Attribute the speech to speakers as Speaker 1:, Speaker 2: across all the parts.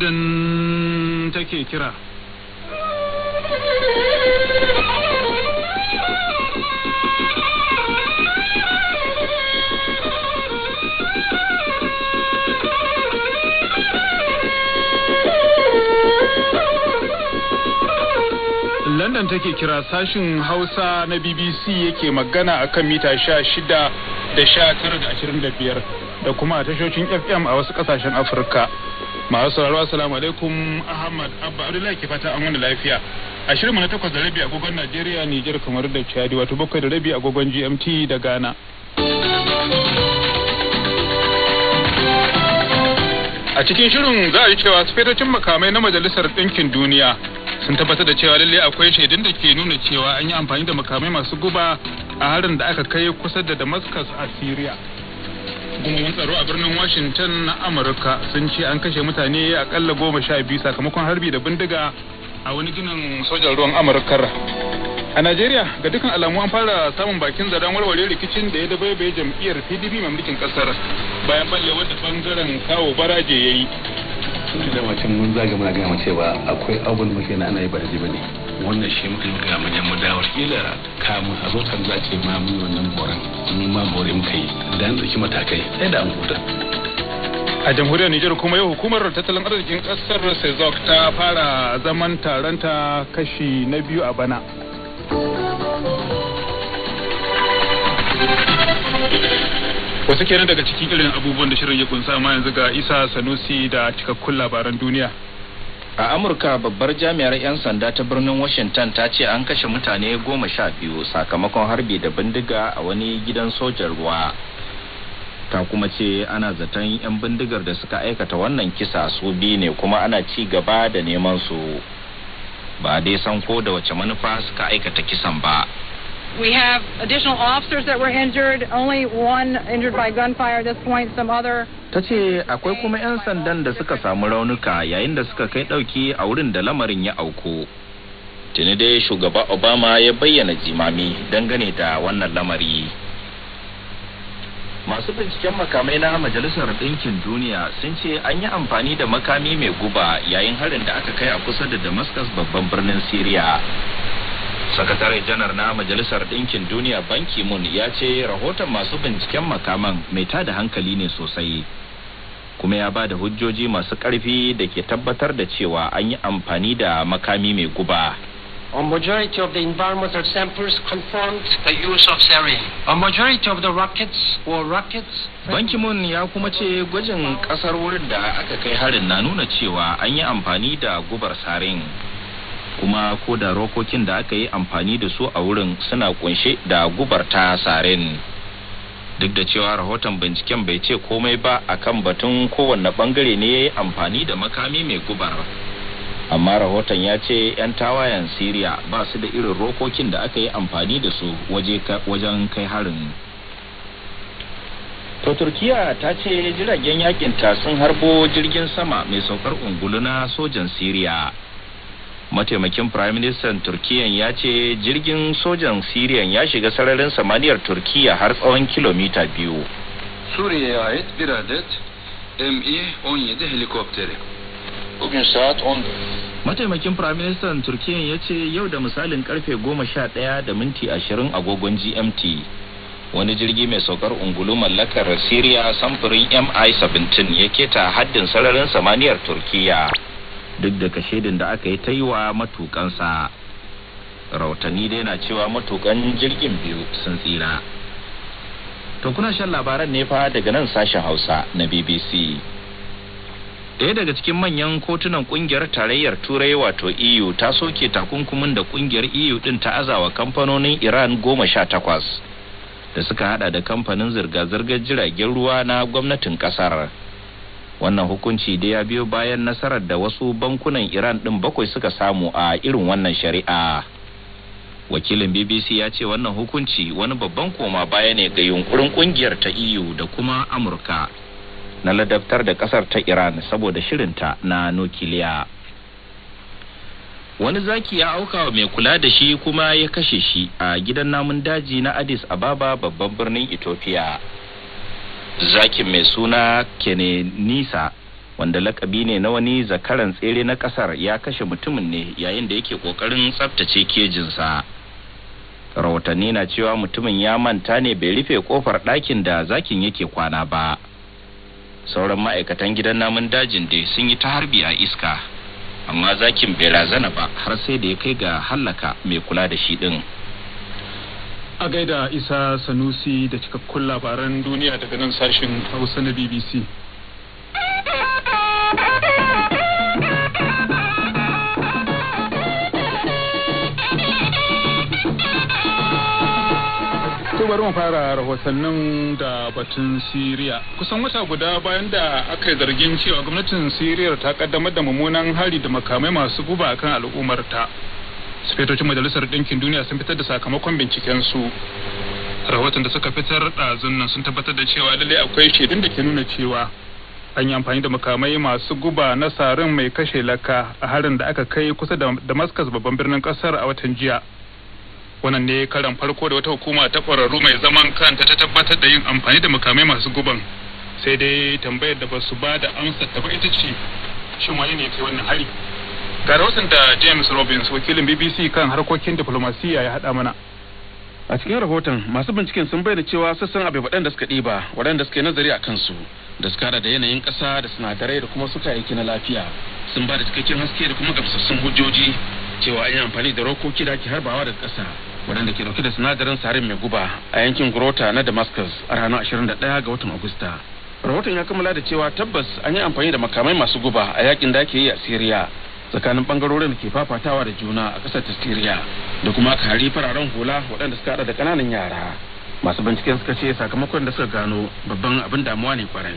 Speaker 1: London take kira. London take kira sashin Hausa na BBC yake magana akan mita sha shida da sha tara da ashirin da biyar. da kuma a tashoshin FM a wasu kasashen Afirka. Masu sauraro assalamu alaikum Ahmad Abba Abdullahi ke fata an wani lafiya. A shirin na takwas da rabi agogon Najeriya, Nijar kamar da Chadi wato bakwai da rabi agogon GMT da Ghana. A cikin shirin za a yi cewa sufetocin makamai na Majalisar Ɗinkin Duniya sun tabbatar da cewa lalle akwai shaidun da ke nuna cewa an yi amfani da makamai masu guba a harin da aka kai kusa da Damascus a Syria. hukumomin tsaro a birnin washington na amurka sun ce an kashe mutane akalla goma sha biyu sakamakon harbi da bindiga a wani ginin sojan ruwan amurkar a najeriya ga dukkan alamu an fara samun bakin zaren warware rikicin da ya dabaibaye jam'iyyar pdp mulkin kasar bayan ballewar da bangaren kawo baraje ya yi
Speaker 2: tun da mace mun zaga muna gama cewa akwai abun da muke na ana yi ba ne wannan shi muka ga manyan madawar kila kamun a zo kan zace ma mun wannan boran mun ma bore muka yi da an tsaki matakai
Speaker 1: sai da an huta a jamhuriyar Nijar kuma yau hukumar tattalin arzikin kasar Sezok ta fara zaman taranta kashi na biyu a bana. wasu kenan daga cikin irin abubuwan da shirin ya kunsa ma yanzu ga isa sanusi da cikakkun labaran duniya
Speaker 3: a amurka babbar jami'ar 'yan sanda ta birnin washington ta ce an kashe mutane goma sha biyu sakamakon harbi da bindiga a wani gidan sojan ruwa ta kuma ce ana zaton 'yan bindigar da suka aikata wannan kisa su biyu ne kuma ana ci gaba da neman su ba dai san ko da wace manufa suka aikata kisan ba
Speaker 4: We have
Speaker 5: additional officers that were injured, only one injured by gunfire at this point, some other
Speaker 3: ta ce akwai kuma 'yan sandan da suka samu raunuka yayin da suka kai ɗauki a wurin da lamarin ya auku. Tuni dai shugaba Obama ya bayyana jimami dangane da wannan lamari. Masu binciken makamai na Majalisar Ɗinkin Duniya sun ce an yi amfani da makami mai guba yayin harin da aka kai a kusa da Damascus babban birnin Siriya. sakatare janar na majalisar ɗinkin duniya banki mun ya ce rahoton masu binciken makaman mai tada hankali ne sosai kuma ya ba da hujjoji masu karfi da ke tabbatar da cewa an yi amfani da makami mai guba
Speaker 6: A majority of the environmental samples confirmed the use of
Speaker 3: sarin. A majority of the rockets were rockets. Banki Mun ya kuma ce gwajin kasar wurin da aka kai harin na nuna cewa an yi amfani da gubar sarin. kuma ko da rokokin da aka yi amfani da su a wurin suna kunshe da gubar ta sarin duk da cewa rahoton binciken bai ce komai ba a kan batun kowanne bangare ne ya yi amfani da makami mai gubar amma rahoton ya ce 'yan tawayen siriya ba su da irin rokokin da aka yi amfani da su wajen kai harin
Speaker 7: to turkiya
Speaker 3: ta ce jiragen yakinta sun harbo jirgin sama mai saukar ungulu na sojan siriya mataimakin prime minister turkiyan ya ce jirgin sojan syrian ya shiga sararin samaniyar turkiya har tsawon kilomita biyu
Speaker 8: ya ait bir adet me 17 helikopteri bugün saat 10
Speaker 3: mataimakin Firaministan minister turkiyan ya ce yau da misalin karfe 11 da minti 20 agogon gmt wani jirgi mai saukar ungulu mallakar syria samfurin mi-17 ya keta haddin sararin samaniyar turkiya duk da kashedin da aka yi ta yi wa matukansa rautani dai na cewa matukan jirgin biyu sun tsira to kuna shan labaran ne fa daga nan sashen hausa na bbc ɗaya daga cikin manyan kotunan kungiyar tarayyar turai wato eu ta soke takunkumin da kungiyar eu din ta azawa kamfanonin iran goma sha takwas da suka hada da kamfanin zirga-zirgar jiragen ruwa na gwamnatin kasar wannan hukunci da ya biyo bayan nasarar da wasu bankunan iran ɗin bakwai suka samu a irin wannan shari'a wakilin bbc ya ce wannan hukunci wani babban koma baya ne ga yunkurin kungiyar ta eu da kuma amurka na ladabtar da kasar ta iran saboda shirinta na nukiliya wani zaki ya auka wa mai kula da shi kuma ya kashe shi a gidan namun daji na addis ababa babban birnin ethiopia zakin mai suna kene wanda lakabi ne na wani zakaran tsere na kasar ya kashe mutumin ne yayin da yake kokarin tsabtace kejinsa rahotanni na cewa mutumin ya manta ne bai rufe kofar ɗakin da zakin yake kwana ba sauran ma'aikatan gidan namun dajin dai sun yi ta harbi a iska amma zakin bai razana ba har sai da ya kai ga hallaka mai kula da shi ɗin.
Speaker 1: a gaida isa sanusi da cikakkun labaran duniya daga nan sashen hausa na bbc bari mu fara rahotannin da batun siriya kusan wata guda bayan da aka yi zargin cewa gwamnatin siriya ta kaddamar da mummunan hari da makamai masu guba akan al'ummar ta. sifetocin majalisar ɗinkin duniya sun fitar da sakamakon bincikensu rahoton da suka fitar ɗazun nan sun tabbatar da cewa lalle akwai shaidun da ke nuna cewa an yi amfani da makamai masu guba na sarin mai kashe laka a harin da aka kai kusa da damascus babban birnin kasar a watan jiya wannan ne karan farko da wata hukuma ta ƙwararru mai zaman kanta ta tabbatar da yin amfani da makamai masu guban sai dai tambayar da ba su ba da amsa ta ba ita ce shin wani ne kai wannan hari ga rahoton da james robbins wakilin bbc kan harkokin diplomasiya ya hada mana
Speaker 9: a cikin rahoton masu binciken sun bayyana cewa sassan abai waɗanda suka ɗiba
Speaker 1: waɗanda suke nazari a kansu
Speaker 9: da suka da yanayin ƙasa da sinadarai da kuma suka aiki na lafiya sun ba da cikakken haske da kuma gamsassun hujjoji cewa an yi amfani da rokoki da ake harbawa daga ƙasa waɗanda ke ɗauke da sinadarin sarin mai guba a yankin grota na damascus a ranar ashirin da ɗaya ga watan agusta rahoton ya kammala da cewa tabbas an yi amfani da makamai masu guba a yakin da ake yi a syria tsakanin bangarorin ke fafatawa da juna a kasar ta siriya da kuma kari fararen hula waɗanda suka hada da kananan yara masu binciken suka ce sakamakon da suka gano babban abin damuwa ne kwarai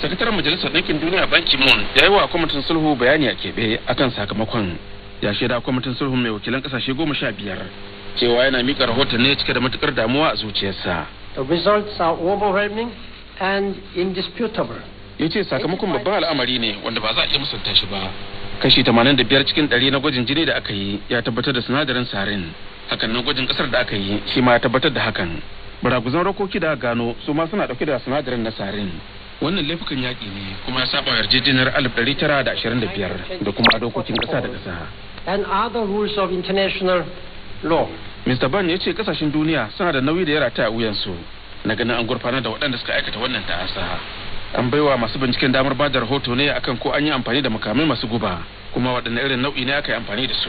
Speaker 9: sakataren majalisar ɗinkin duniya ban moon ya yi wa kwamitin sulhu bayani a keɓe akan sakamakon ya shaida kwamitin sulhu mai wakilan ƙasashe goma sha biyar cewa yana mika rahoton ne cike da matukar damuwa a zuciyarsa the results are overwhelming and indisputable ya ce sakamakon babban al'amari ne wanda ba za a iya musanta shi ba kashi 85 cikin 100 na gwajin jini da aka yi ya tabbatar da sinadarin sarin hakan nan gwajin kasar da aka yi shi ma ya tabbatar da hakan baraguzan rokoki da gano su ma suna dauke da sinadarin na sarin wannan laifukan yaƙi ne kuma ya saba yarjejeniyar 1925 da kuma dokokin ƙasa da ƙasa
Speaker 6: and other rules of international
Speaker 9: law Mr. Ban ya ce kasashen duniya suna da nauyi da ya rataya wuyansu na ganin an gurfana da waɗanda suka aikata wannan ta'asa an baiwa masu binciken damar ba da rahoto ne akan ko an yi amfani da makamai masu guba kuma waɗanne irin nau'i ne aka yi amfani da su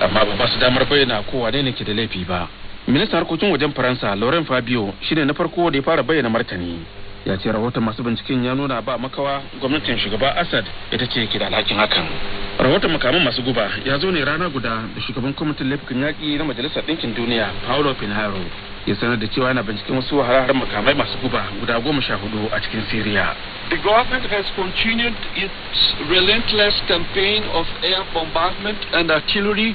Speaker 9: amma ba su damar bayyana ko wane ne ke da laifi ba ministan harkokin wajen faransa lauren fabio shine na farko da ya fara bayyana martani ya ce rahoton masu binciken ya nuna ba makawa gwamnatin shugaba assad ita ce ke da alhakin hakan rahoton makaman masu guba ya zo ne rana guda da shugaban kwamitin laifukan yaƙi na majalisar ɗinkin duniya paolo pinheiro ya sanar da cewa yana binciken wasu hararen makamai masu guba guda goma sha hudu a cikin Siriya.
Speaker 5: The government has continued its relentless campaign of air bombardment and artillery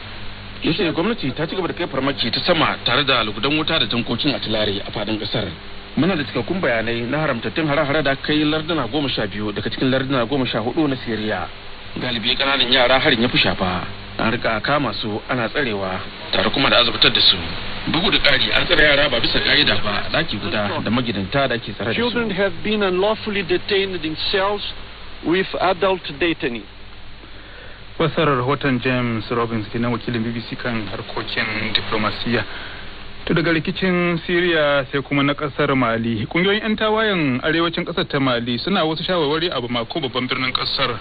Speaker 5: yace gwamnati ta ci gaba da kai farmaki ta
Speaker 9: sama tare da lugudan wuta da tankokin tilare a fadin kasar muna da cikakkun bayanai na haramtattun hare-hare da kai lardana larduna goma sha biyu daga cikin larduna goma sha hudu na siriya galibi kananan yara harin ya fi shafa an rika kama su ana tsarewa tare kuma da azabtar da su bugu da
Speaker 5: ƙari an tsare yara ba bisa ka'ida ba
Speaker 9: daki guda da magidanta da ke tsare da su
Speaker 5: children have been unlawfully detained in cells with adult detainee
Speaker 1: fasar rahoton james robbins kenan wakilin bbc kan
Speaker 5: harkokin
Speaker 1: diplomasiya to daga rikicin syria sai kuma na kasar mali kungiyoyin 'yan tawayen arewacin kasar ta mali suna wasu shawarwari abu mako babban birnin kasar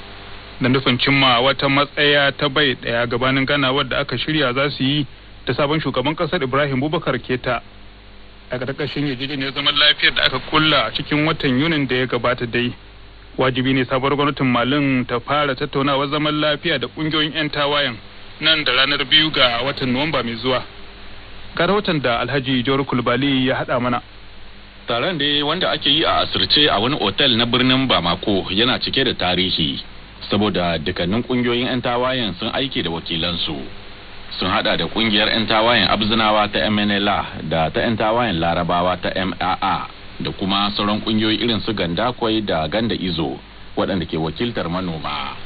Speaker 1: da nufin cimma wata matsaya ta bai daya gabanin ganawar da aka shirya za su yi da sabon shugaban kasar ibrahim bubakar keta a ƙarƙashin ya zaman lafiyar da aka kulla a cikin watan yunin da ya gabata dai wajibi ne sabuwar gwamnatin malin ta fara tattaunawar zaman lafiya da ƙungiyoyin 'yan tawayen nan da ranar biyu ga watan nuwamba mai zuwa ga watan da alhaji jawar kulbali ya haɗa mana taron da wanda ake yi a asirce a wani otel
Speaker 7: na birnin bamako yana cike da tarihi saboda dukkanin kungiyoyin 'yan tawayen sun aike da wakilansu sun hada da kungiyar 'yan tawayen abzinawa ta mnla da ta 'yan tawayen larabawa ta maa da kuma sauran kungiyoyi irin su ganda kwai da ganda izo waɗanda ke wakiltar manoma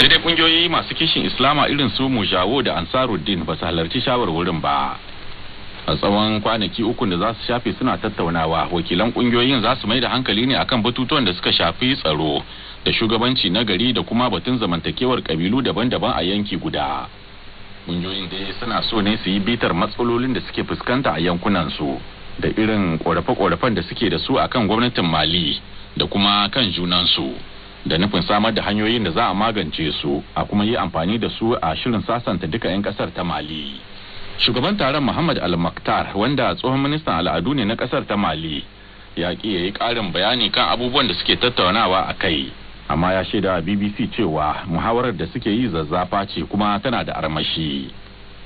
Speaker 7: sai dai kungiyoyi masu kishin islama irin su mujawo da ansaruddin ba su halarci shawarwarin ba a tsawon kwanaki uku da za su shafe suna tattaunawa wakilan kungiyoyin za su mai da hankali ne akan batutuwan da suka shafi tsaro da shugabanci na gari da kuma batun zamantakewar kabilu daban-daban a yanki guda kungiyoyin dai suna so ne su yi bitar matsalolin da suke fuskanta a yankunan su da irin korafe-korafen da suke da su a kan gwamnatin mali da kuma kan junansu da nufin samar da hanyoyin da za a magance su a kuma yi amfani da su a shirin sasanta duka 'yan ƙasar ta mali shugaban taron muhammad al-maktar wanda tsohon ministan al'adu ne na ƙasar ta mali ya ƙi ya yi ƙarin bayani kan abubuwan da suke tattaunawa a kai amma ya shaida bbc cewa muhawarar da suke yi zazzafa ce kuma tana da armashi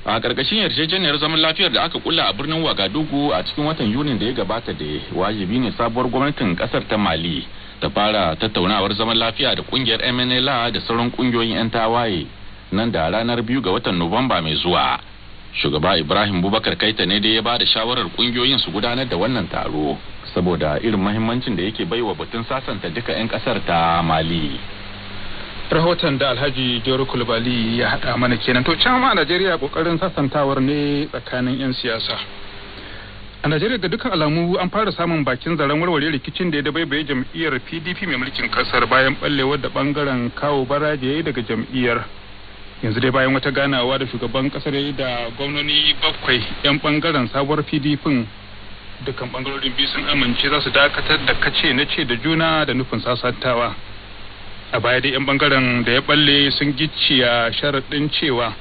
Speaker 7: a ƙarƙashin yarjejeniyar zaman lafiyar da aka kula a birnin wagadugu a cikin watan yunin da ya gabata da wajibi ne sabuwar gwamnatin ƙasar ta mali ta fara tattaunawar zaman lafiya da ƙungiyar mnla da sauran ƙungiyoyin 'yan tawaye nan da ranar biyu ga watan nuwamba mai zuwa shugaba ibrahim bubakar kaita ne dai ya ba da shawarar kungiyoyin su gudanar da wannan taro saboda irin mahimmancin da yake baiwa batun
Speaker 1: sasanta duka 'yan kasar ta mali rahoton da alhaji gero kulbali ya haɗa mana kenan to can a najeriya kokarin sasantawar ne tsakanin 'yan siyasa a najeriya ga dukkan alamu an fara samun bakin zaren warware rikicin da ya dabaibaye jam'iyyar pdp mai mulkin kasar bayan ballewar da bangaren kawo baraje daga jam'iyyar yanzu dai bayan wata ganawa da shugaban kasar da gwamnoni bakwai yan bangaren sabuwar pdp dukkan bangarorin biyu sun amince za su dakatar da kace na ce da juna da nufin sasantawa a baya dai yan bangaren da ya balle sun gicciya sharaɗin cewa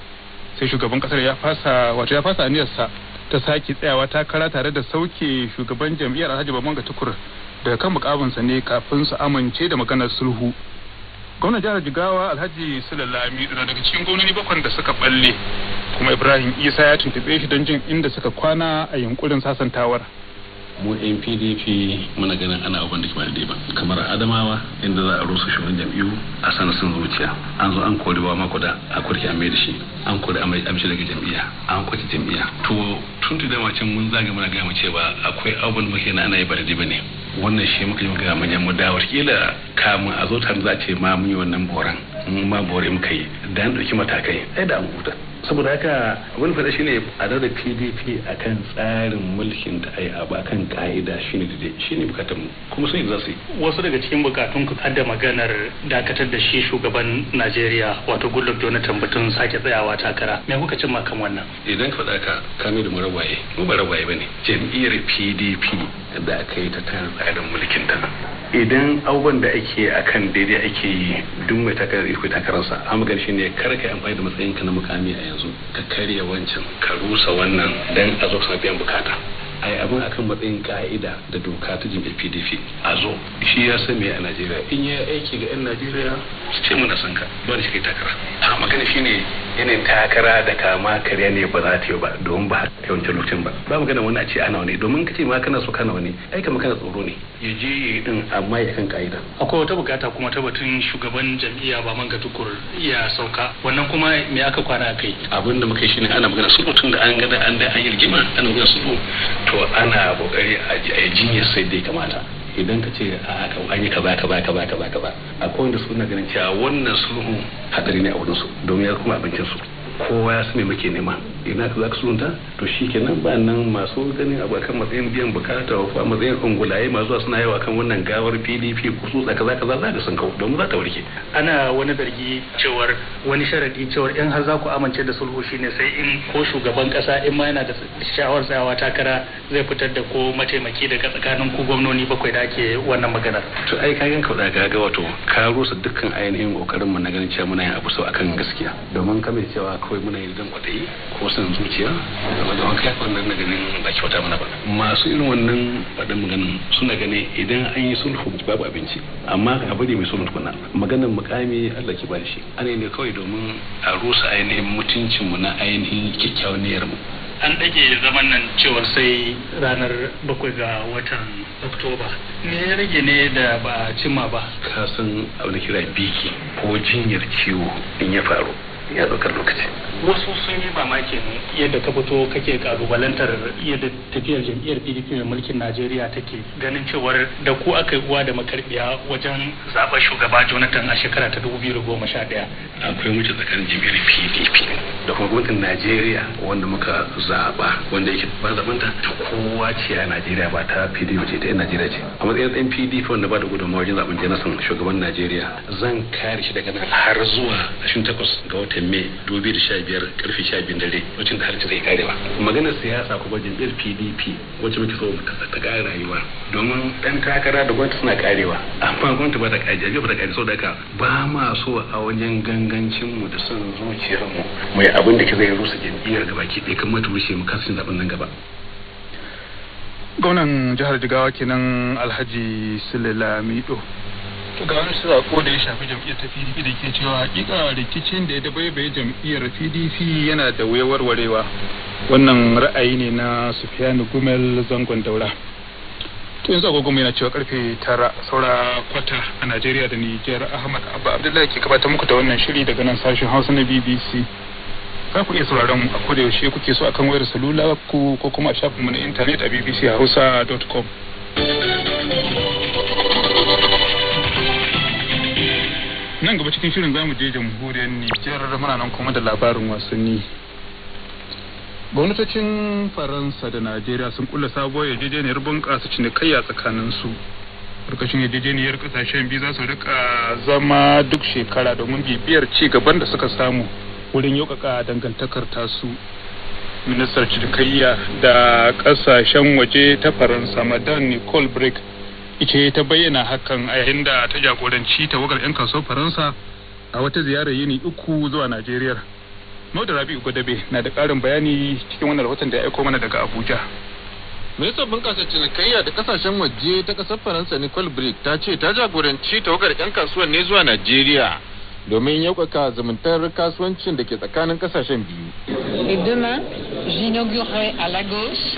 Speaker 1: sai shugaban kasar ya fasa wato ya fasa aniyarsa ta sake tsayawa takara tare da sauke shugaban jam'iyyar alhaji bamanga tukur daga kan mukaminsa ne kafin su amince da maganar sulhu gwamnan jihar jigawa alhaji sulalami na daga cikin gwamnoni bakwai da suka balle kuma ibrahim isa ya tuntube shi don jin inda suka kwana a yunkurin sasantawar mu yan pdp
Speaker 2: muna ganin ana abin da ke ba daidai ba kamar adamawa inda za a rusa shugaban jam'iyyu a sanar sun zuciya an zo an kori wa mako da a kurki a da shi an kori a mai amshi daga jam'iyya an kwace jam'iyya to tun da dama can mun zaga muna gaya mu cewa akwai abin da muke na ana yi ba daidai ba ne wannan shi muka yi magana manyan mu da watakila kamun a zo ta za a ce ma mun yi wannan boran mun ma bore muka yi da an ɗauki matakai ai da an huta saboda haka abin faɗa shine a da pdp a kan tsarin mulkin da ai abu akan ka'ida shine da shine bukatun mu kuma sun za su yi wasu daga
Speaker 6: cikin bukatun ku kada maganar dakatar da shi shugaban najeriya wato goodluck jonathan batun sake tsayawa takara me kuka cin kan wannan
Speaker 2: idan ka faɗa ka kame da murabaye mu ba rabaye bane jam'iyyar pdp da aka yi ta tsarin mulkin ta idan abubuwan da ake a kan daidai ake yi duk mai takarar iko takararsa amma shi ne kar ka amfani da matsayinka na mukami a yanzu ka karya wancan ka rusa wannan dan a zo kana biyan bukata yi abin akan matsayin ka'ida da doka ta jimbe pdp a zo shi ya san me a najeriya in ya aiki ga yan najeriya su ce muna san ka ba da shi kai takara a magana shine yanayin takara da kama karya ne ba za ta yi ba domin ba yawancin lokacin ba ba mu gana wani a ce ana wani domin ka ce ma kana so kana wani ai kamar kana tsoro ne ya je ya din amma ya kan ka'ida
Speaker 6: akwai wata bukata kuma ta batun shugaban jam'iyya ba man tukur ya sauka wannan kuma
Speaker 2: me aka kwana a kai abin da muka yi shine ana magana sulhu tun da an gada an da an yi rigima ana magana sulhu to ana kokari a jinyar sai dai kamata idan ka ce a ka wani ka ba ka ba ka ba ka ba ka ba suna ganin cewa wannan sulhu hadari ne a wurin su domin ya kuma abincin su kowa ya su me muke nema ina ka za ka sunta to shi kenan ba nan masu ganin abu akan matsayin biyan bukata a matsayin ungulaye masu zuwa suna yawa kan wannan gawar pdp kusu tsaka za ka za ka sun kawo domin za ta warke. ana wani zargi cewar wani sharadi
Speaker 6: cewar in har za ku amince da sulhu shine sai in ko shugaban kasa in ma yana da sha'awar tsayawa takara zai fitar da ko mataimaki daga tsakanin ku gwamnoni bakwai da ake wannan maganar. to ai ka
Speaker 2: yanka da gaga wato ka rusa dukkan ainihin kokarin mu na ganin cewa muna yin abu sau akan gaskiya domin kamar cewa kawai muna yin dan kwadayi ko san zuciya game da wanka wannan na ganin ba kyauta mana ba masu irin wannan faɗin maganin suna gane idan an yi sulhu babu abinci amma ka bari mai sulhu tukuna maganin mukami Allah ki bari shi ana ne kawai domin a rusa ainihin mutuncin mu na ainihin kyakkyawan mu
Speaker 6: an ɗage zaman nan cewar sai ranar bakwai ga watan oktoba
Speaker 2: ne ya rage ne da ba cimma ba ka san abin kira biki ko jinyar ciwo in ya faru ya ɗaukar lokaci
Speaker 6: wasu sun yi mamakin yadda ka fito kake kalubalantar yadda tafiyar jam'iyyar pdp mai mulkin najeriya take ganin cewar da ku aka yi uwa da makarbiya
Speaker 2: wajen zaɓar shugaba jonathan a shekara ta 2011 akwai wuce tsakanin jam'iyyar pdp da kuma gwamnatin najeriya wanda muka zaɓa wanda yake ba zaɓen ta kowa ce a najeriya ba ta pdp ce ta yan najeriya ce a matsayin ɗan pdp wanda ba da gudunmawa wajen zaɓen jonathan shugaban najeriya zan kare shi daga nan har zuwa 28 ga wata watan mai 2015 karfe 12 dare lokacin da harci zai kare ba maganar siyasa kuma jam'iyyar pdp wacce muke so ta kare rayuwa domin dan takara da gwamnati suna karewa amma gwamnati ba ta kare jam'iyyar ba ta kare saboda haka ba ma so a wajen gangancin mu da son zuciyar mu mai abin da ke zai rusa jam'iyyar gaba ki ɗaya kamar ta rushe mu kasin zaben nan gaba
Speaker 1: gwamnan jihar jigawa kenan alhaji sule lamido to ga wani sako da ya shafi jam'iyyar ta PDP da ke cewa hakika rikicin da ya bai jam'iyyar PDP yana da warewa. wannan ra'ayi ne na Sufiyanu Gumel zangon daura to yanzu agogo na cewa karfe tara saura kwata a Najeriya da Nijar Ahmad Abba Abdullahi ke gabatar muku da wannan shiri daga nan sashen Hausa na BBC za ku iya sauraron mu a kodayaushe kuke so akan wayar salula ku ko kuma a shafinmu na intanet a bbc hausa.com nan gaba cikin shirin zamu je jamhuriyar Nijar muna nan kuma da labarin wasanni gwamnatocin faransa da najeriya sun kula sabuwar yarjejeniyar bunƙasa cinikayya tsakanin su karkashin yarjejeniyar ƙasashen biyu za su rika zama duk shekara domin bibiyar ci gaban da suka samu wurin yauƙaƙa dangantakar tasu ministar cinikayya da ƙasashen waje ta faransa madan nicole brick ita ta bayyana hakan a yayin da ta jagoranci tawagar 'yan kasuwar faransa a wata ziyarar yini uku zuwa najeriya da rabi gwadabe na da ƙarin bayani cikin wannan rahoton da ya aiko mana daga abuja
Speaker 5: ministan bunƙasa cinikayya da kasashen waje ta ƙasar faransa nicole brick ta ce ta jagoranci tawagar 'yan kasuwar ne zuwa najeriya domin yaukaka zumuntar kasuwancin da ke tsakanin kasashen biyu.
Speaker 4: Et demain, j'inaugurerai à Lagos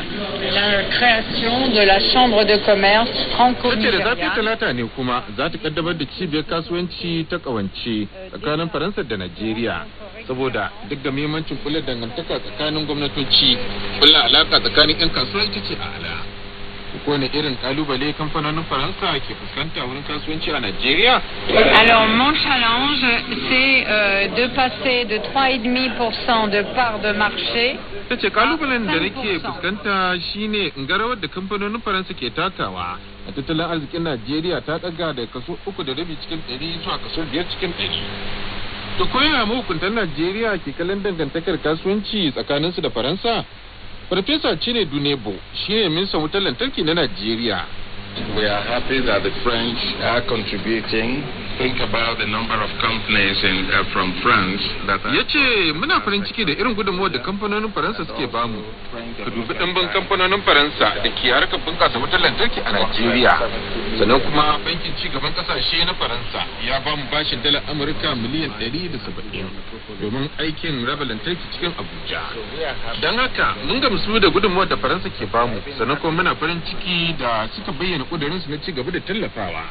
Speaker 4: la création de la chambre de commerce franco Ce da zafi talata
Speaker 5: ne kuma za ta kaddamar da cibiyar kasuwanci ta kawance tsakanin Faransa da Najeriya saboda duk da muhimmancin kula dangantaka tsakanin gwamnatoci kula alaka tsakanin 'yan kasuwa ita ce a ala. wani irin kalubale kamfanonin Faransa ke fuskanta wurin kasuwanci a Najeriya? Alors mon
Speaker 4: challenge c'est euh, de passer de 3,5% de part de marché
Speaker 5: Ta ce kalubalen da nake fuskanta shine rawar da kamfanonin Faransa ke takawa a tattalin arzikin Najeriya ta ɗaga da kaso uku da rabi cikin 100 zuwa kaso biyar cikin 100. To koya mahukuntan Najeriya ke kallon dangantakar kasuwanci tsakaninsu da Faransa? Farfesa Chine Dunebo shine minsan wutar lantarki na Najeriya. We are happy that the French are contributing Uh, ya ce muna farin ciki da irin gudunmawar da kamfanonin faransa suke bamu ka dubi ɗimbin kamfanonin faransa da ke harkar bunƙasa wutar lantarki a najeriya sannan kuma bankin cigaban ƙasashe na faransa ya bamu bashin dala amurka miliyan ɗari da saba'in domin aikin raba lantarki cikin abuja don haka mun gamsu da gudunmawar da faransa ke bamu sannan kuma muna farin ciki da suka bayyana ƙudurinsu na ci gaba da tallafawa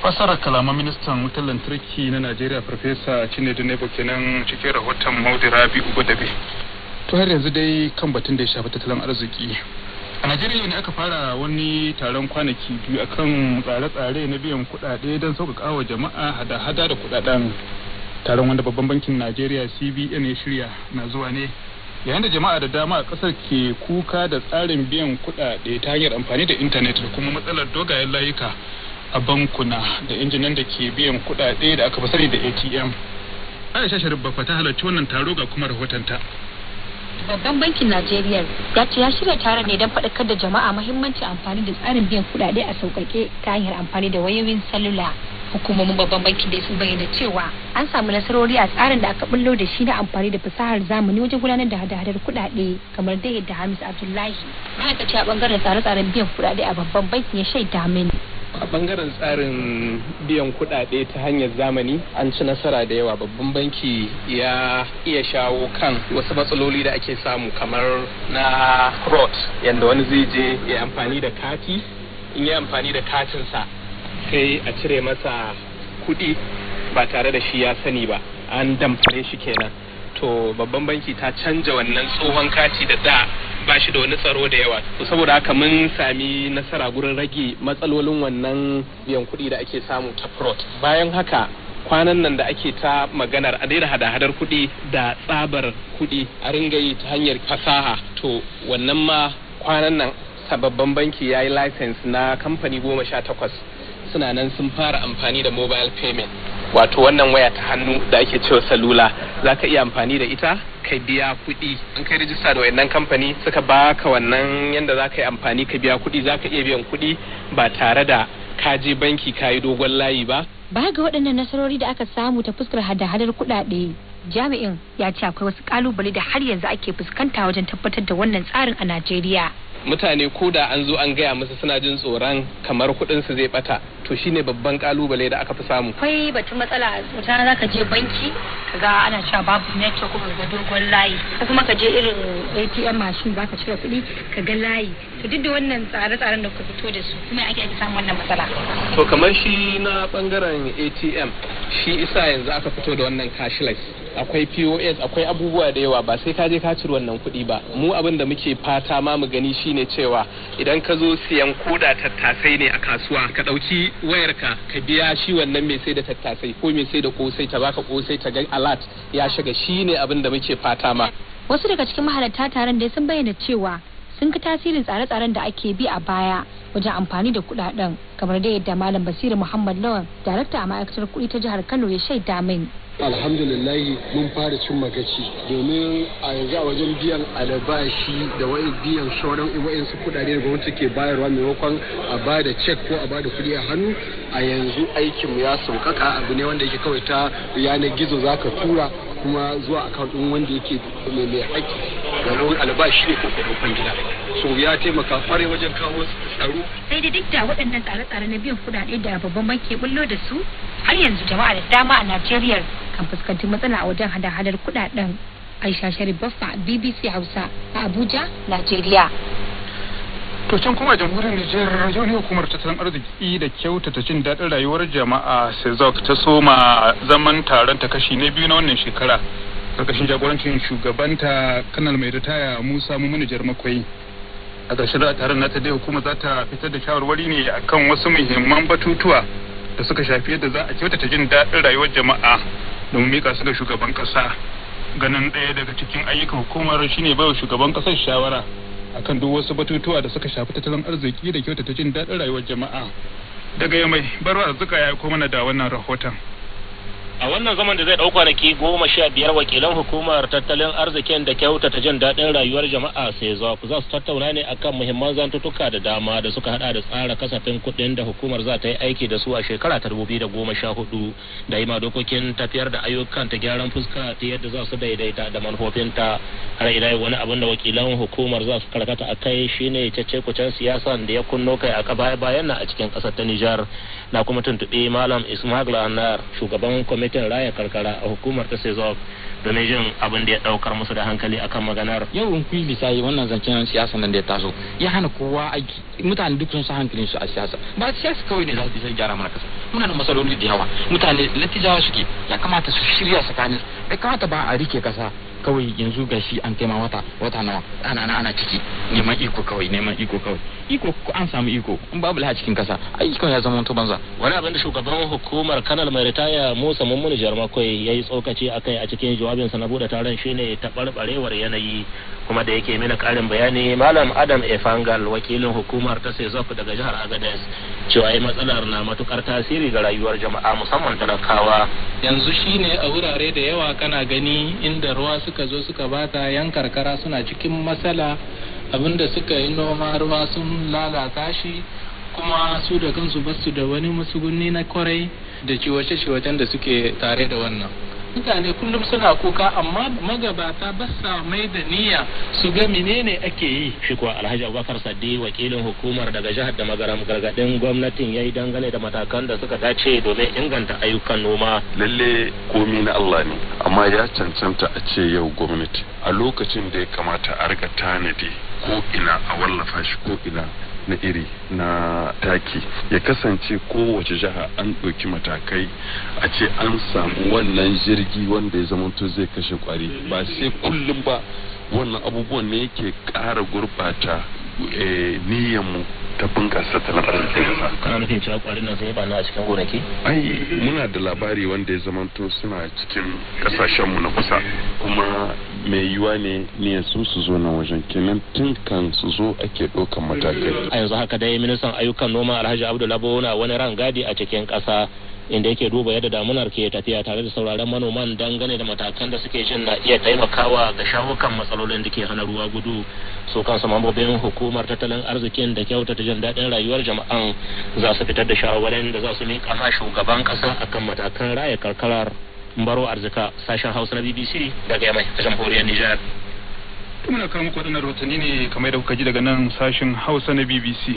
Speaker 1: fasarar kalaman ministan wutar lantarki na najeriya farfesa cinedu nebo kenan cikin rahoton maudi rabi ugodabe to har yanzu dai kan batun da ya shafi tattalin arziki a najeriya ne aka fara wani taron kwanaki biyu akan tsare-tsare na biyan kudade don sauƙaƙa wa jama'a hada-hada da kudaden taron wanda babban bankin najeriya cbn ya shirya na zuwa ne yayin da jama'a da dama a ƙasar ke kuka da tsarin biyan kudade ta hanyar amfani da intanet da kuma matsalar dogayen layuka a bankuna da injinan da ke biyan kuɗaɗe da aka sani da atm aisha sharif bafa ta halarci wannan taro ga kuma rahotonta
Speaker 10: babban bankin najeriya ya ce ya shirya tara ne don faɗakar da jama'a mahimmancin amfani da tsarin biyan kuɗaɗe a sauƙaƙe ta hanyar amfani da wayoyin salula hukumomin babban bankin da su bayyana cewa an samu nasarori a tsarin da aka bullo da shi na amfani da fasahar zamani wajen gudanar da hada-hadar kuɗaɗe kamar da yadda hamis abdullahi ma'aikaci a ɓangaren tsare-tsaren biyan kuɗaɗe a babban bankin ya shaida mini
Speaker 11: a bangaren tsarin biyan kuɗaɗe ta hanyar zamani an ci nasara da yawa babban banki ya iya shawo kan wasu matsaloli da ake samu kamar na fraud yadda wani zai je ya amfani da kati in ya amfani da katinsa sai a cire masa kuɗi ba tare da shi ya sani ba an damfare shi kenan to babban banki ta canja wannan tsohon kati da da ba shi da wani tsaro da yawa saboda haka mun sami nasara gurin rage matsalolin wannan biyan kuɗi da ake samu ta fraud bayan haka kwanan nan da ake ta maganar a daina hada-hadar kuɗi da tsabar kuɗi a ringa yi ta hanyar fasaha to wannan ma kwanan nan sababbin banki ya yi license na kamfani goma sha takwas suna nan sun fara amfani da mobile payment wato wannan waya ta hannu da ake cewa salula za ka iya amfani da ita ka biya kuɗi an kai rijista da wayannan kamfani suka baka wannan yadda za ka yi amfani ka biya kuɗi za ka iya biyan kuɗi ba tare da ka je banki ka yi dogon layi ba
Speaker 10: ba ga waɗannan nasarori da aka samu ta fuskar hada-hadar kuɗaɗe jami'in ya ce akwai wasu ƙalubale da har yanzu ake fuskanta wajen tabbatar da wannan tsarin a najeriya
Speaker 11: mutane ko da an zo an gaya musu suna jin tsoron kamar kuɗin su zai bata to shine babban kalubale da aka fi samu
Speaker 10: akwai batun matsala wata za ka je banki ga ana cewa babu network kuma ga dogon layi ko kuma ka je irin ATM machine za ka cire kuɗi ka ga layi to duk da wannan tsare-tsaren da ka fito da su kuma ake ake samun wannan matsala to kamar
Speaker 11: shi na bangaren ATM shi isa yanzu aka fito da wannan cashless akwai pos akwai abubuwa da yawa ba sai ka je ka ciri wannan kuɗi ba mu abin da muke fata ma mu gani shine cewa idan ka zo siyan koda tattasai ne a kasuwa ka ɗauki wayarka ka biya shi wannan mai sai da tattasai ko mai sai da kosai ta baka kosai ta ga alat ya shiga shine abin da muke fata ma
Speaker 10: wasu daga cikin mahalarta taron da sun bayyana cewa sun ga tasirin tsare-tsaren da ake bi a baya wajen amfani da kudaden kamar da yadda malam basiru muhammad lawan darakta a ma'aikatar kuɗi ta jihar kano ya shaida min
Speaker 2: alhamdulillah mun fara cin magaci domin a yanzu a wajen biyan albashi da wani biyan sauran su kudade da gwamnati ke bayarwa maimakon a ba da cek ko a ba da kudi a hannu a yanzu aikin ya saukaka abu ne wanda yake kawai ta yanar gizo za ka tura kuma zuwa account kan wanda yake mai haƙƙi ruwan albashi ne ko kuɗin gida so ya taimaka kwarai wajen kawo tsaro
Speaker 10: sai da duk da waɗannan tsare-tsare na biyan kuɗaɗe da babban banki bullo da su har yanzu jama'a da dama a Najeriya kan fuskanci matsala a wajen hada-hadar kudaden aisha sharif baffa bbc hausa a abuja najeriya
Speaker 1: to can kuma jamhuriyar Nijar yau ne hukumar tattalin arziki da kyautata jin daɗin rayuwar jama'a sezok ta soma zaman taron ta kashi na biyu na wannan shekara karkashin jagorancin shugabanta kanal mai ritaya musa manajar makwai a ƙarshen taron nata dai hukuma za ta fitar da shawarwari ne akan wasu muhimman batutuwa da suka shafi yadda za a kyautata jin daɗin rayuwar jama'a domin mika su ga shugaban kasa ganin ɗaya daga cikin ayyukan hukumar shi shine wa shugaban kasar shawara akan duk wasu batutuwa da suka shafi tattalin arziki da kyautata jin daɗin rayuwar jama'a daga yamai barwa zuka ya mana da wannan rahoton
Speaker 12: a wannan zaman da zai ɗau kwanaki goma sha biyar wakilan hukumar tattalin arzikin da kyauta ta jin daɗin rayuwar jama'a sai za su tattauna ne akan muhimman zantutuka da dama da suka hada da tsara kasafin kuɗin da hukumar za ta yi aiki da su a shekara ta dubu biyu da goma sha hudu da yi ma dokokin tafiyar da ayyukan ta gyaran fuska ta yadda za su daidaita da manufofinta har ila wani abin da wakilan hukumar za su karkata a kai shine cece-kucen siyasan da ya kunno kai a baya-bayan nan a cikin ƙasar ta Nijar na kuma tuntuɓe Malam Ismail Lanar shugaban kwamitin kwamitin raya karkara a hukumar ta da ne jin abin da ya daukar musu da hankali akan maganar yau in kuyi bisa wannan zancen siyasa nan da ya taso
Speaker 5: ya hana
Speaker 11: kowa aiki mutane duk sun sa hankalin su a siyasa ba siyasa kawai ne za su zai gyara mana kasa
Speaker 5: muna da matsaloli da yawa mutane
Speaker 11: latijawa suke ya kamata su shirya tsakanin ya kamata ba a rike kasa kawai yanzu gashi an taima wata wata nawa ana ana ciki neman iko
Speaker 12: kawai neman iko kawai iko ko an samu iko in babu laha cikin kasa ai kawai ya zama banza wani abin da shugaban hukumar kanal mai ritaya Musa Mummuni Jarmakwai ya yi tsokaci akai a cikin jawabinsa na bude taron shine taɓarɓarewar yanayi kuma da yake mina karin bayani Malam Adam Efangal wakilin hukumar ta Sezok daga jihar Agadez cewa yi matsalar na matukar tasiri ga rayuwar jama'a musamman talakawa
Speaker 11: yanzu shine a wurare da yawa kana gani inda ruwa suka zo suka bata yan karkara suna cikin matsala abinda suka yi noma ruwa sun lalata shi kuma su da kansu basu da wani musugunni na kwarai da ciwace-ciwacen da suke tare da wannan mutane kullum suna kuka
Speaker 12: amma magabata ba sa mai da niyya su ga menene ake yi shi kuwa alhaji abubakar sadi wakilin hukumar daga jihar da magaram gargadin gwamnatin ya yi dangane da matakan da suka dace domin inganta ayyukan noma lalle komi na allah ne amma ya cancanta
Speaker 2: a ce yau gwamnati a lokacin da ya kamata a rika tanadi ko ina a wallafa shi ko ina na iri na taki ya kasance kowace jiha an ɗauki matakai a ce an samu wannan jirgi wanda ya zamanto zai kashe kwari ba sai kullum ba wannan abubuwan ne yake ƙara gurɓata eh, niyyanmu ta bunƙasa talatin sayarwa
Speaker 12: kana nufin cewa ƙwarin nan sai bana a cikin gonaki ai muna
Speaker 2: da labari wanda ya zamanto suna cikin kasashenmu na kusa kuma mai yiwa ne niyan su su zo nan wajen kenan tun kan su zo
Speaker 5: ake ɗaukan matakai a
Speaker 12: yanzu haka dai ministan ayyukan noma alhaji na wani rangadi a cikin ƙasa inda yake duba yadda damunar ke tafiya tare da sauraron manoman dangane da matakan da suke jin na iya taimakawa ga shawukan matsalolin da ke hana ruwa gudu su kansu mambobin hukumar tattalin arzikin da kyautata jin daɗin rayuwar jama'an za su fitar da shawarwarin da za su miƙa ma shugaban ƙasa akan matakan raya karkarar baro arzika sashen hausa na bbc daga yamai a jamhuriyar nijar muna kawo muku waɗannan rahotanni ne kamar da kuka ji daga nan
Speaker 1: sashen hausa na bbc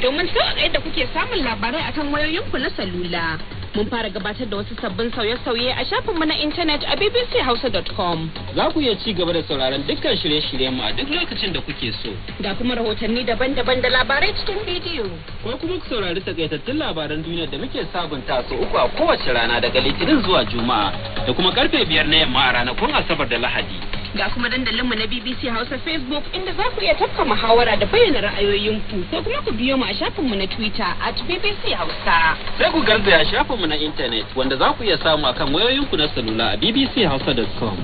Speaker 10: domin sauƙaƙa da kuke samun labarai akan wayoyinku na salula. Mun fara gabatar da wasu sabbin sauye-sauye a shafinmu na intanet a bbchausa.com. Za ku iya ci gaba da sauraron dukkan shirye-shiryen mu a duk lokacin da kuke so. Ga kuma rahotanni daban-daban da labarai cikin bidiyo.
Speaker 8: Ko kuma ku saurari takaitattun labaran duniya da muke sabunta su uku a kowace rana daga Litinin zuwa Juma'a da kuma karfe biyar na yamma a ranakun Asabar da Lahadi.
Speaker 10: ga kuma dandalinmu na BBC Hausa Facebook inda za ku iya tafka muhawara da bayyana ra'ayoyinku ko kuma ku biyo mu a shafinmu na Twitter at BBC Hausa.
Speaker 8: Sai ku garzaya shafinmu na intanet wanda za ku iya samu akan wayoyinku na salula a bbchausa.com.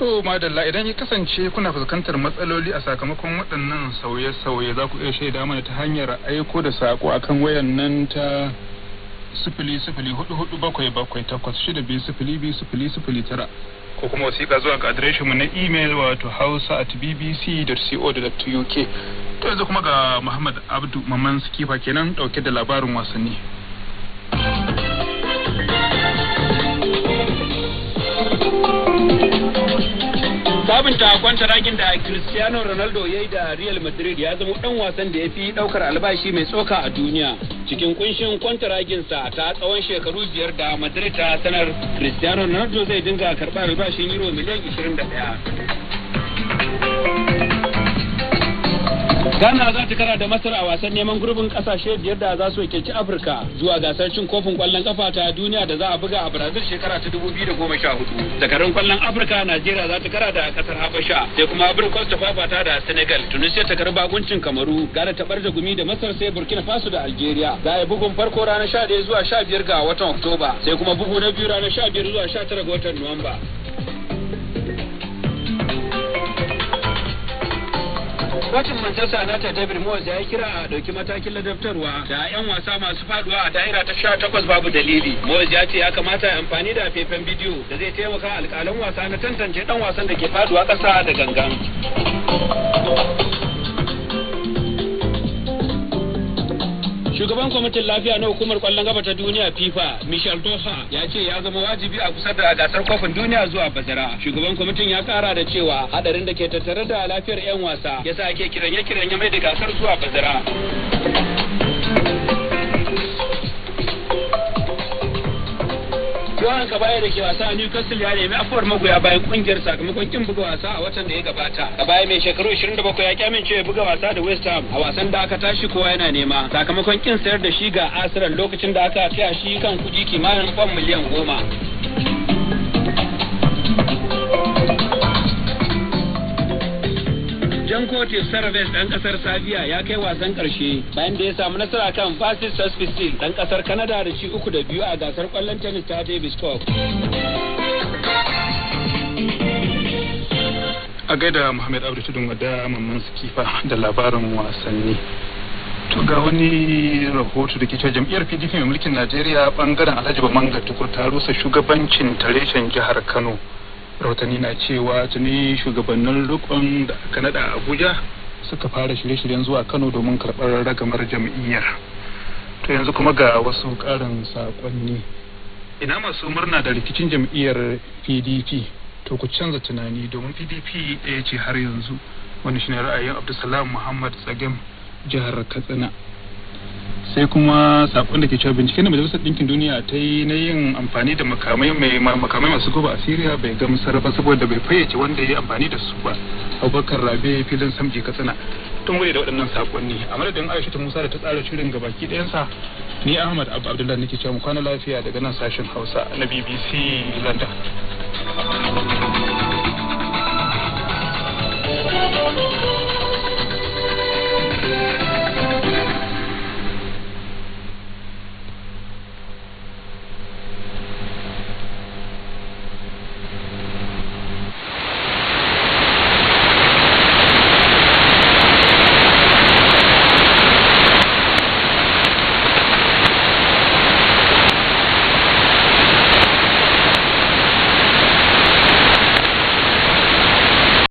Speaker 1: To madalla idan ya kasance kuna fuskantar matsaloli a sakamakon waɗannan sauye-sauye za ku iya shaida mana ta hanyar aiko da saƙo akan wayan nan ta sifili sifili hudu hudu bakwai bakwai takwas shida biyu sifili biyu sifili sifili tara ko kuma wasiƙa zuwa ga adireshin mu na imel wato hausa at bbc.co.uk to yanzu kuma ga muhammad abdu mamman sikifa kenan ɗauke da labarin wasanni.
Speaker 8: sabunta kwantaragin da cristiano ronaldo ya yi da real madrid ya zama dan wasan da ya fi daukar albashi mai tsoka a duniya cikin kunshin kwanta sa ta tsawon shekaru biyar da madrid ta sanar cristiano ronaldo zai dinga karɓar albashin euro miliyan 21 Ghana za ta kara da Masar a wasan neman gurbin kasashe biyar da za su wakilci Afirka zuwa gasar cin kofin kwallon kafa ta duniya da za a buga a Brazil shekara ta 2014. Zakarun kwallon Afirka Najeriya za ta kara da kasar Habasha sai kuma Ivory ta fafata da Senegal, Tunisia ta karba guncin Kamaru, Gana ta da gumi da Masar sai Burkina Faso da Algeria. Za a bugun farko ranar 11 zuwa 15 ga watan Oktoba sai kuma bugu na biyu ranar 15 zuwa 19 ga watan Nuwamba. kotun Manchester United David Moyes ya yi kira a dauki matakin ladabtarwa da 'yan wasa masu faduwa a daira ta sha takwas babu dalili. Moyes ya ce ya kamata ya amfani da faifan bidiyo da zai taimaka alƙalan wasa na tantance ɗan wasan da ke faduwa ƙasa da gangan. shugaban kwamitin lafiya na hukumar kwallon gaba ta duniya fifa michel dosa ya ce ya zama wajibi a kusa da gasar kofin duniya zuwa bazara shugaban kwamitin ya kara da cewa hadarin da ke tattare da lafiyar 'yan wasa ya sa ake kiranye-kiranye mai da gasar zuwa bazara ka Kabaya da ke wasa a Newcastle ya nemi afuwar magoya bayan kungiyar sakamakon kin buga wasa a watan da ya gabata. a baya mai shekaru 27 ya kyamin ya buga wasa da West Ham a wasan da aka tashi kowa yana nema. Sakamakon kin sayar da shi ga Arsenal lokacin da aka taya shi kan kuɗi kimanin kwan miliyan goma. dan kote service dan kasar sabiya ya kai wasan karshe bayan da ya samu nasara kan fasis saspisil dan kasar kanada da ci uku da biyu a gasar kwallon tennis ta davis cup
Speaker 1: a gaida muhammad abdu tudun wadda mamman sikifa da labarin wasanni to ga wani rahoto da ke cewa jam'iyyar pdp mai mulkin najeriya bangaren alhaji baman tukur ta rusa shugabancin tareshen jihar kano rahotanni na cewa tuni shugabannin rukun da aka nada a abuja suka fara shirye-shiryen zuwa kano domin karɓar ragamar jam'iyyar
Speaker 4: to yanzu kuma ga
Speaker 1: wasu ƙarin saƙonni ina masu murna da rikicin jam'iyyar pdp to ku canza tunani domin pdp ɗaya ce har yanzu wani shine ra'ayin abdulsalam muhammad tsagem jihar katsina sai kuma sakon da ke cewa binciken da majalisar ɗinkin duniya ta yi na yin amfani da makamai mai makamai masu guba a Siriya bai gamsar ba saboda bai fayyace wanda ya yi amfani da su ba Abubakar Rabe filin Samji Katsina tun wuri da waɗannan sakonni a madadin Aisha ta Musa da ta tsara shirin ga gabaki ɗayansa ni Ahmad Abu Abdullah nake cewa mu kwana lafiya daga nan sashen Hausa na BBC London